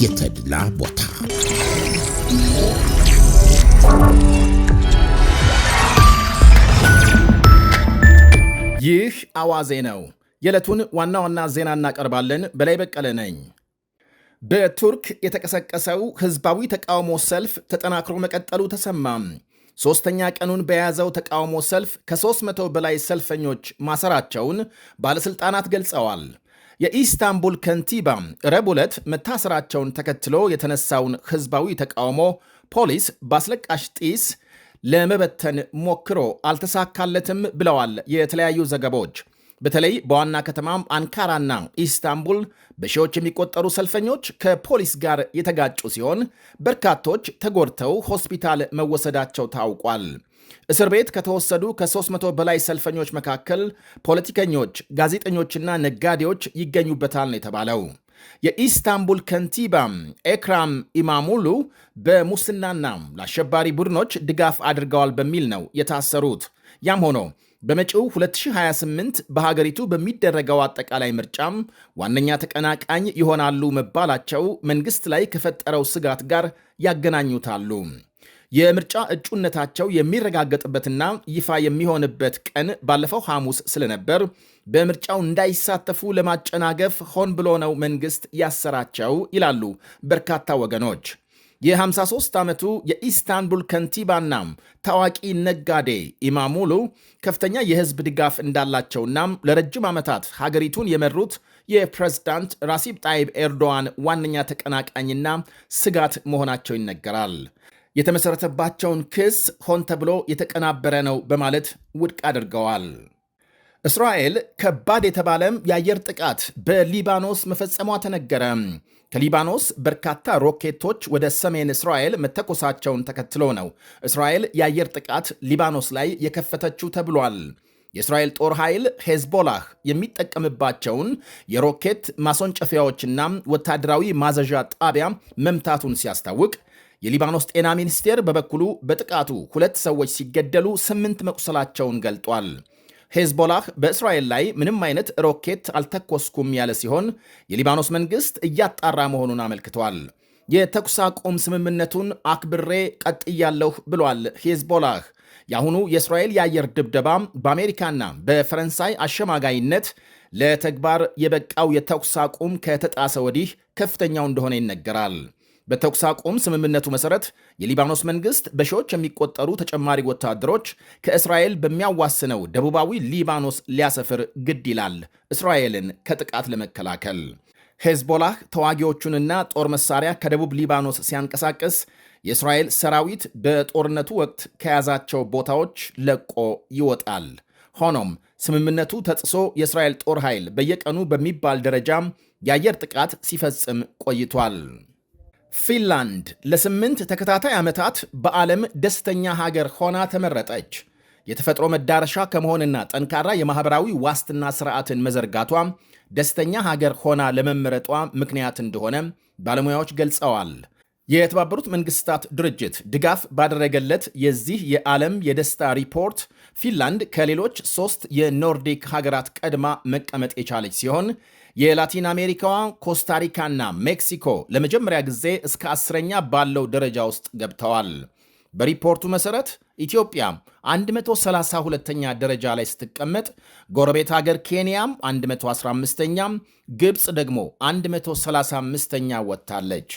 የተድላ ቦታ ይህ አዋዜ ነው። የዕለቱን ዋና ዋና ዜና እናቀርባለን። በላይ በቀለ ነኝ። በቱርክ የተቀሰቀሰው ህዝባዊ ተቃውሞ ሰልፍ ተጠናክሮ መቀጠሉ ተሰማም። ሦስተኛ ቀኑን በያዘው ተቃውሞ ሰልፍ ከ መቶ በላይ ሰልፈኞች ማሰራቸውን ባለሥልጣናት ገልጸዋል። የኢስታንቡል ከንቲባ ረቡዕ ዕለት መታሰራቸውን ተከትሎ የተነሳውን ህዝባዊ ተቃውሞ ፖሊስ በአስለቃሽ ጢስ ለመበተን ሞክሮ አልተሳካለትም ብለዋል የተለያዩ ዘገባዎች። በተለይ በዋና ከተማም አንካራና ኢስታንቡል በሺዎች የሚቆጠሩ ሰልፈኞች ከፖሊስ ጋር የተጋጩ ሲሆን በርካቶች ተጎድተው ሆስፒታል መወሰዳቸው ታውቋል። እስር ቤት ከተወሰዱ ከ300 በላይ ሰልፈኞች መካከል ፖለቲከኞች፣ ጋዜጠኞችና ነጋዴዎች ይገኙበታል ነው የተባለው። የኢስታንቡል ከንቲባም ኤክራም ኢማሙሉ በሙስናና ለአሸባሪ ቡድኖች ድጋፍ አድርገዋል በሚል ነው የታሰሩት። ያም ሆኖ በመጪው 2028 በሀገሪቱ በሚደረገው አጠቃላይ ምርጫም ዋነኛ ተቀናቃኝ ይሆናሉ መባላቸው መንግስት ላይ ከፈጠረው ስጋት ጋር ያገናኙታሉ። የምርጫ እጩነታቸው የሚረጋገጥበትና ይፋ የሚሆንበት ቀን ባለፈው ሐሙስ ስለነበር በምርጫው እንዳይሳተፉ ለማጨናገፍ ሆን ብሎ ነው መንግስት ያሰራቸው ይላሉ በርካታ ወገኖች። የ53 ዓመቱ የኢስታንቡል ከንቲባና ታዋቂ ነጋዴ ኢማሙሉ ከፍተኛ የህዝብ ድጋፍ እንዳላቸውና ለረጅም ዓመታት ሀገሪቱን የመሩት የፕሬዝዳንት ራሲብ ጣይብ ኤርዶዋን ዋነኛ ተቀናቃኝና ስጋት መሆናቸው ይነገራል። የተመሠረተባቸውን ክስ ሆን ተብሎ የተቀናበረ ነው በማለት ውድቅ አድርገዋል። እስራኤል ከባድ የተባለም የአየር ጥቃት በሊባኖስ መፈጸሟ ተነገረ። ከሊባኖስ በርካታ ሮኬቶች ወደ ሰሜን እስራኤል መተኮሳቸውን ተከትሎ ነው እስራኤል የአየር ጥቃት ሊባኖስ ላይ የከፈተችው ተብሏል። የእስራኤል ጦር ኃይል ሄዝቦላህ የሚጠቀምባቸውን የሮኬት ማስወንጨፊያዎችና ወታደራዊ ማዘዣ ጣቢያ መምታቱን ሲያስታውቅ የሊባኖስ ጤና ሚኒስቴር በበኩሉ በጥቃቱ ሁለት ሰዎች ሲገደሉ ስምንት መቁሰላቸውን ገልጧል። ሄዝቦላህ በእስራኤል ላይ ምንም አይነት ሮኬት አልተኮስኩም ያለ ሲሆን የሊባኖስ መንግሥት እያጣራ መሆኑን አመልክቷል። የተኩስ አቁም ስምምነቱን አክብሬ ቀጥያለሁ ብሏል ሄዝቦላህ። የአሁኑ የእስራኤል የአየር ድብደባ በአሜሪካና በፈረንሳይ አሸማጋይነት ለተግባር የበቃው የተኩስ አቁም ከተጣሰ ወዲህ ከፍተኛው እንደሆነ ይነገራል። በተኩስ አቁም ስምምነቱ መሰረት የሊባኖስ መንግስት በሺዎች የሚቆጠሩ ተጨማሪ ወታደሮች ከእስራኤል በሚያዋስነው ደቡባዊ ሊባኖስ ሊያሰፍር ግድ ይላል እስራኤልን ከጥቃት ለመከላከል። ሄዝቦላህ ተዋጊዎቹንና ጦር መሳሪያ ከደቡብ ሊባኖስ ሲያንቀሳቅስ የእስራኤል ሰራዊት በጦርነቱ ወቅት ከያዛቸው ቦታዎች ለቆ ይወጣል። ሆኖም ስምምነቱ ተጥሶ የእስራኤል ጦር ኃይል በየቀኑ በሚባል ደረጃም የአየር ጥቃት ሲፈጽም ቆይቷል። ፊንላንድ ለስምንት ተከታታይ ዓመታት በዓለም ደስተኛ ሀገር ሆና ተመረጠች። የተፈጥሮ መዳረሻ ከመሆንና ጠንካራ የማኅበራዊ ዋስትና ሥርዓትን መዘርጋቷ ደስተኛ ሀገር ሆና ለመመረጧ ምክንያት እንደሆነ ባለሙያዎች ገልጸዋል። የተባበሩት መንግስታት ድርጅት ድጋፍ ባደረገለት የዚህ የዓለም የደስታ ሪፖርት ፊንላንድ ከሌሎች ሦስት የኖርዲክ ሀገራት ቀድማ መቀመጥ የቻለች ሲሆን የላቲን አሜሪካዋ ኮስታሪካና ሜክሲኮ ለመጀመሪያ ጊዜ እስከ አስረኛ ባለው ደረጃ ውስጥ ገብተዋል። በሪፖርቱ መሰረት ኢትዮጵያ 132ኛ ደረጃ ላይ ስትቀመጥ ጎረቤት ሀገር ኬንያም 115ኛም፣ ግብፅ ደግሞ 135ኛ ወጥታለች።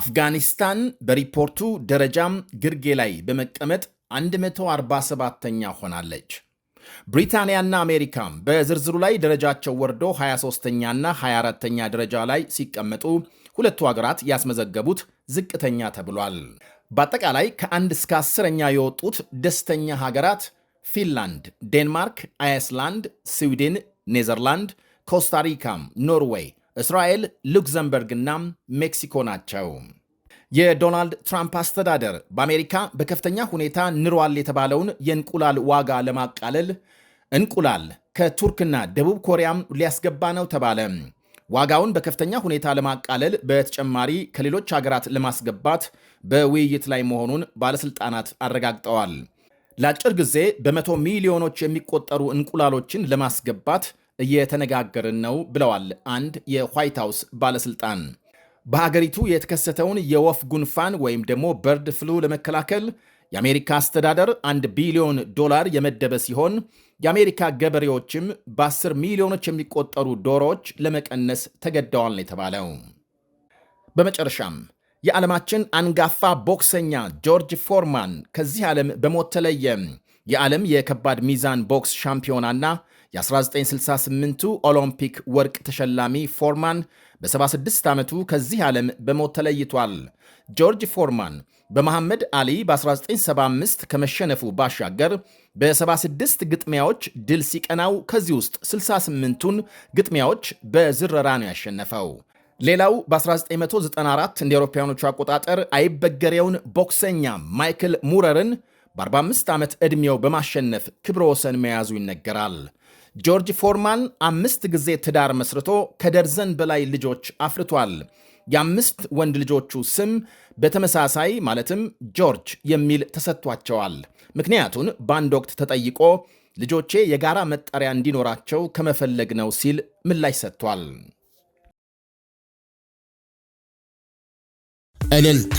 አፍጋኒስታን በሪፖርቱ ደረጃም ግርጌ ላይ በመቀመጥ 147ኛ ሆናለች። ብሪታንያና አሜሪካም በዝርዝሩ ላይ ደረጃቸው ወርዶ 23ተኛና 24ተኛ ደረጃ ላይ ሲቀመጡ ሁለቱ ሀገራት ያስመዘገቡት ዝቅተኛ ተብሏል። በአጠቃላይ ከአንድ እስከ አስረኛ የወጡት ደስተኛ ሀገራት ፊንላንድ፣ ዴንማርክ፣ አይስላንድ፣ ስዊድን፣ ኔዘርላንድ፣ ኮስታሪካም፣ ኖርዌይ፣ እስራኤል፣ ሉክዘምበርግ እና ሜክሲኮ ናቸው። የዶናልድ ትራምፕ አስተዳደር በአሜሪካ በከፍተኛ ሁኔታ ንሯል የተባለውን የእንቁላል ዋጋ ለማቃለል እንቁላል ከቱርክና ደቡብ ኮሪያም ሊያስገባ ነው ተባለ። ዋጋውን በከፍተኛ ሁኔታ ለማቃለል በተጨማሪ ከሌሎች ሀገራት ለማስገባት በውይይት ላይ መሆኑን ባለስልጣናት አረጋግጠዋል። ለአጭር ጊዜ በመቶ ሚሊዮኖች የሚቆጠሩ እንቁላሎችን ለማስገባት እየተነጋገርን ነው ብለዋል አንድ የዋይት ሀውስ ባለስልጣን። በሀገሪቱ የተከሰተውን የወፍ ጉንፋን ወይም ደግሞ በርድ ፍሉ ለመከላከል የአሜሪካ አስተዳደር አንድ ቢሊዮን ዶላር የመደበ ሲሆን የአሜሪካ ገበሬዎችም በ10 ሚሊዮኖች የሚቆጠሩ ዶሮዎች ለመቀነስ ተገደዋል ነው የተባለው። በመጨረሻም የዓለማችን አንጋፋ ቦክሰኛ ጆርጅ ፎርማን ከዚህ ዓለም በሞት ተለየ። የዓለም የከባድ ሚዛን ቦክስ ሻምፒዮናና የ1968ቱ ኦሎምፒክ ወርቅ ተሸላሚ ፎርማን በ76 ዓመቱ ከዚህ ዓለም በሞት ተለይቷል። ጆርጅ ፎርማን በመሐመድ አሊ በ1975 ከመሸነፉ ባሻገር በ76 ግጥሚያዎች ድል ሲቀናው ከዚህ ውስጥ 68ቱን ግጥሚያዎች በዝረራ ነው ያሸነፈው። ሌላው በ1994 እንደ አውሮፓውያኖቹ አቆጣጠር አይበገሬውን ቦክሰኛ ማይክል ሙረርን በ45 ዓመት ዕድሜው በማሸነፍ ክብረ ወሰን መያዙ ይነገራል። ጆርጅ ፎርማን አምስት ጊዜ ትዳር መስርቶ ከደርዘን በላይ ልጆች አፍርቷል። የአምስት ወንድ ልጆቹ ስም በተመሳሳይ ማለትም ጆርጅ የሚል ተሰጥቷቸዋል። ምክንያቱን በአንድ ወቅት ተጠይቆ ልጆቼ የጋራ መጠሪያ እንዲኖራቸው ከመፈለግ ነው ሲል ምላሽ ሰጥቷል። እልልታ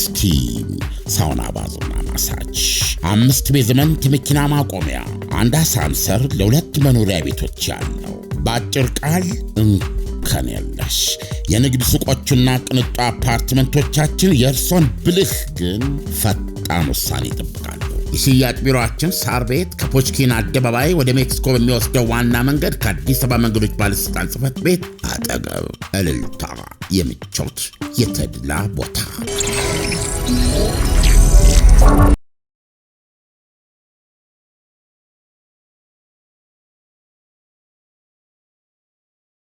ስቲም፣ ሳውና፣ ባዞና ማሳጅ፣ አምስት ቤዝመንት መኪና ማቆሚያ፣ አንድ አሳንሰር ለሁለት መኖሪያ ቤቶች ያለው በአጭር ቃል እንከን የለሽ የንግድ ሱቆቹና ቅንጡ አፓርትመንቶቻችን የእርሶን ብልህ ግን ፈጣን ውሳኔ ይጠብቃል። የሽያጭ ቢሮችን ሳር ቤት ከፖችኪን አደባባይ ወደ ሜክሲኮ በሚወስደው ዋና መንገድ ከአዲስ አበባ መንገዶች ባለሥልጣን ጽፈት ቤት አጠገብ። እልልታ፣ የምቾት የተድላ ቦታ